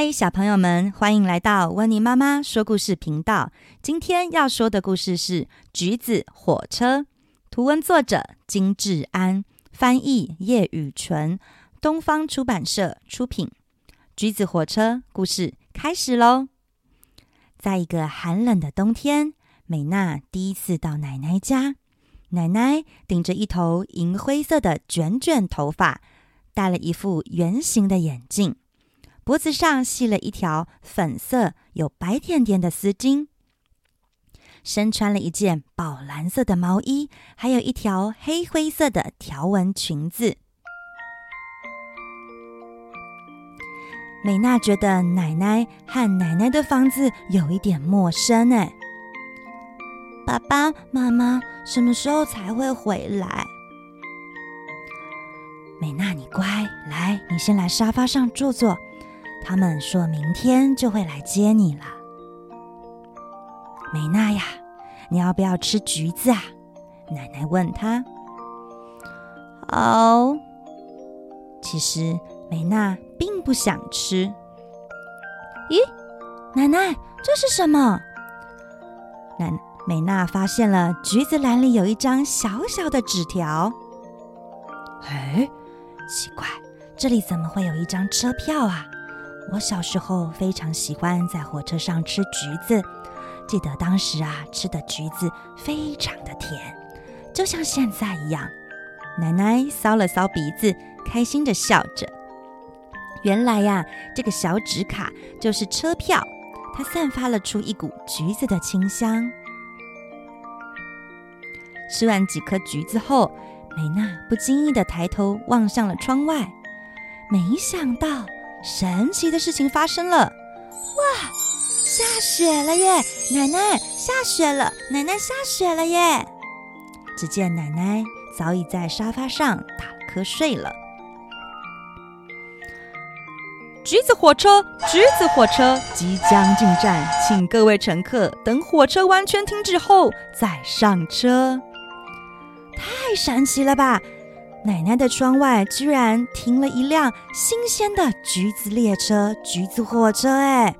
嗨，小朋友們，歡迎來到溫妮媽媽說故事頻道。今天要說的故事是《橘子火車》，圖文作者金志安，翻譯葉雨純，東方出版社出品。橘子火車故事開始嘍！在一個寒冷的冬天，美娜第一次到奶奶家。奶奶頂着一頭銀灰色的捲捲頭髮，戴了一副圓形的眼鏡。脖子上繫了一條粉色有白點點的絲巾，身穿了一件寶藍色的毛衣，還有一條黑灰色的條紋裙子。美娜覺得奶奶和奶奶的房子有一點陌生呢。爸爸媽媽什麼時候才會回來？美娜，你乖，來，你先來沙發上坐坐。他們說明天就會來接你了，美娜呀，你要不要吃橘子啊？奶奶問她。哦，其實美娜並不想吃。咦，奶奶，這是什麼？奶，美娜發現了橘子籃裡有一張小小的紙條。哎，奇怪，這裡怎麼會有一張車票啊？我小時候非常喜歡在火車上吃橘子，記得當時啊，吃的橘子非常的甜，就像現在一樣。奶奶搔了搔鼻子，開心地笑着。原來呀、啊，這個小紙卡就是車票，它散發了出一股橘子的清香。吃完幾顆橘子後，美娜不經意地抬頭望向了窗外，沒想到。神奇的事情發生了！哇，下雪了耶！奶奶，下雪了，奶奶下雪了耶！只見奶奶早已在沙發上打瞌睡了。橘子火車，橘子火車即將進站，請各位乘客等火車完全停止後再上車。太神奇了吧！奶奶的窗外居然停了一輛新鮮的橘子列車，橘子火車誒，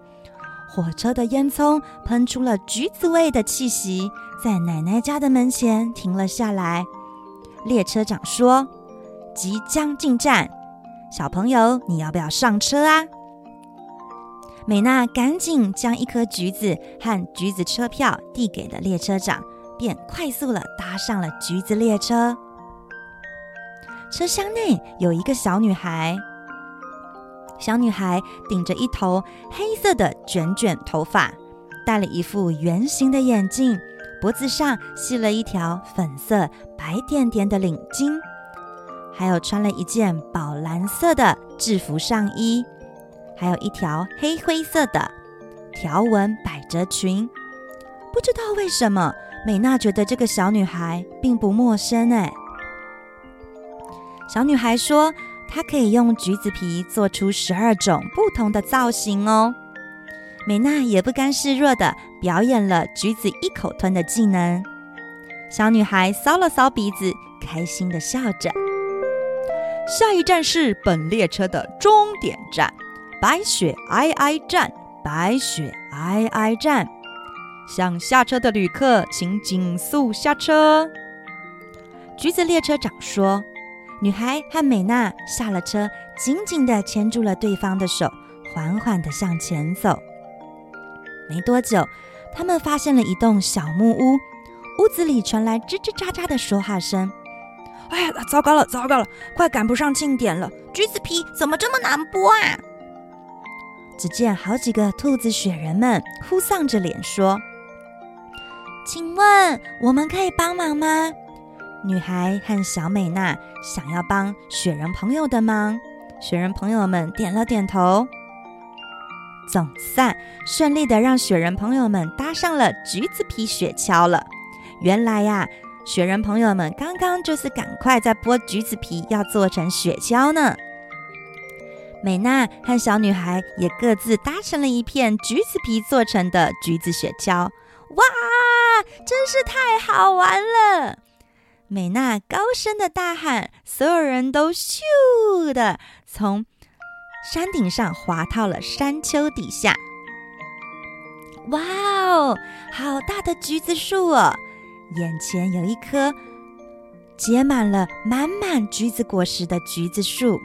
火車的煙囪噴出了橘子味的氣息，在奶奶家的門前停了下來。列車長說：“即將進站，小朋友，你要不要上車啊？”美娜趕緊將一顆橘子和橘子車票遞給了列車長，便快速的搭上了橘子列車。車廂內有一個小女孩，小女孩頂着一頭黑色的捲捲頭髮，戴了一副圓形的眼鏡，脖子上繫了一條粉色白點點的領巾，還有穿了一件寶藍色的制服上衣，還有一條黑灰色的條紋百褶裙。不知道為什麼，美娜覺得這個小女孩並不陌生呢。小女孩說：“她可以用橘子皮做出十二種不同的造型哦。”美娜也不甘示弱的表演了橘子一口吞的技能。小女孩搔了搔鼻子，開心的笑着。下一站是本列車的終點站——白雪皚皚站。白雪皚皚站，想下車的旅客請盡速下車。橘子列車長說。女孩和美娜下了車，緊緊地牽住了對方的手，緩緩地向前走。沒多久，他們發現了一棟小木屋，屋子裡傳來吱吱喳喳的說話聲。哎呀，糟糕了，糟糕了，快趕不上慶典了！橘子皮怎麼這麼難剝啊？只見好幾個兔子雪人們哭喪着臉說：“請問，我們可以幫忙嗎？”女孩和小美娜想要幫雪人朋友的忙，雪人朋友們點了點頭。總算順利的讓雪人朋友們搭上了橘子皮雪橇了。原來呀，雪人朋友們剛剛就是趕快在剝橘子皮，要做成雪橇呢。美娜和小女孩也各自搭成了一片橘子皮做成的橘子雪橇。哇，真是太好玩了！美娜高聲的大喊，所有人都咻的從山頂上滑到了山丘底下。哇哦，好大的橘子樹哦！眼前有一棵結滿了滿滿橘子果實的橘子樹。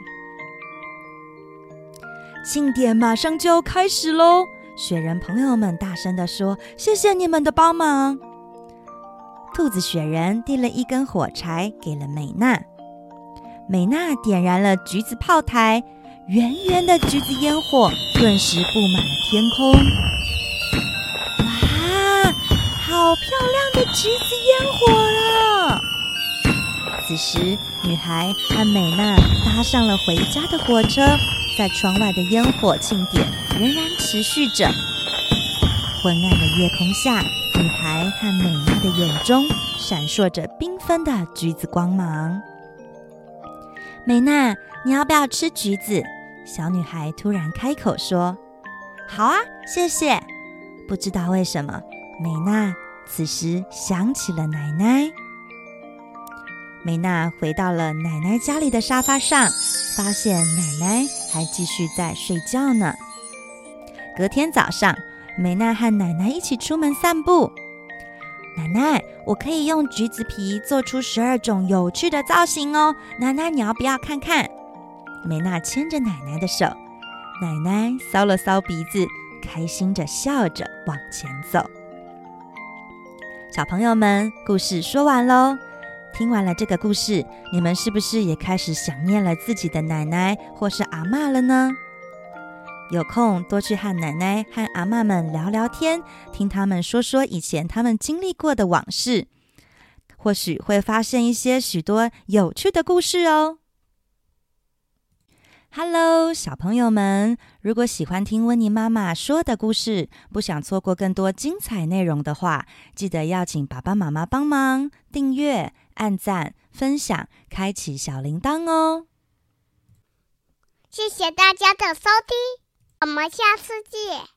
慶典馬上就要開始嘍！雪人朋友們大聲的說：“謝謝你們的幫忙。”兔子雪人遞了一根火柴給了美娜，美娜點燃了橘子炮台，圓圓的橘子煙火頓時佈滿了天空。哇，好漂亮的橘子煙火啊！此時，女孩和美娜搭上了回家的火車，在窗外的煙火慶典仍然持續着。昏暗的夜空下，女孩和美。的眼中閃爍着繽紛的橘子光芒。美娜，你要不要吃橘子？小女孩突然開口說：“好啊，謝謝。”不知道為什麼，美娜此時想起了奶奶。美娜回到了奶奶家裡的沙發上，發現奶奶還繼續在睡覺呢。隔天早上，美娜和奶奶一起出門散步。奶奶，我可以用橘子皮做出十二種有趣的造型哦！奶奶，你要不要看看？美娜牽着奶奶的手，奶奶搔了搔鼻子，開心着笑着往前走。小朋友們，故事說完嘍！聽完了這個故事，你們是不是也開始想念了自己的奶奶或是阿嬤了呢？有空多去和奶奶、和阿嬤們聊聊天，聽他們說說以前他們經歷過的往事，或許會發現一些許多有趣的故事哦。Hello，小朋友們，如果喜歡聽溫妮媽媽說的故事，不想錯過更多精彩內容的話，記得要請爸爸媽媽幫忙訂閱、按讚、分享、開啟小鈴鐺哦。謝謝大家的收聽。我們下次見。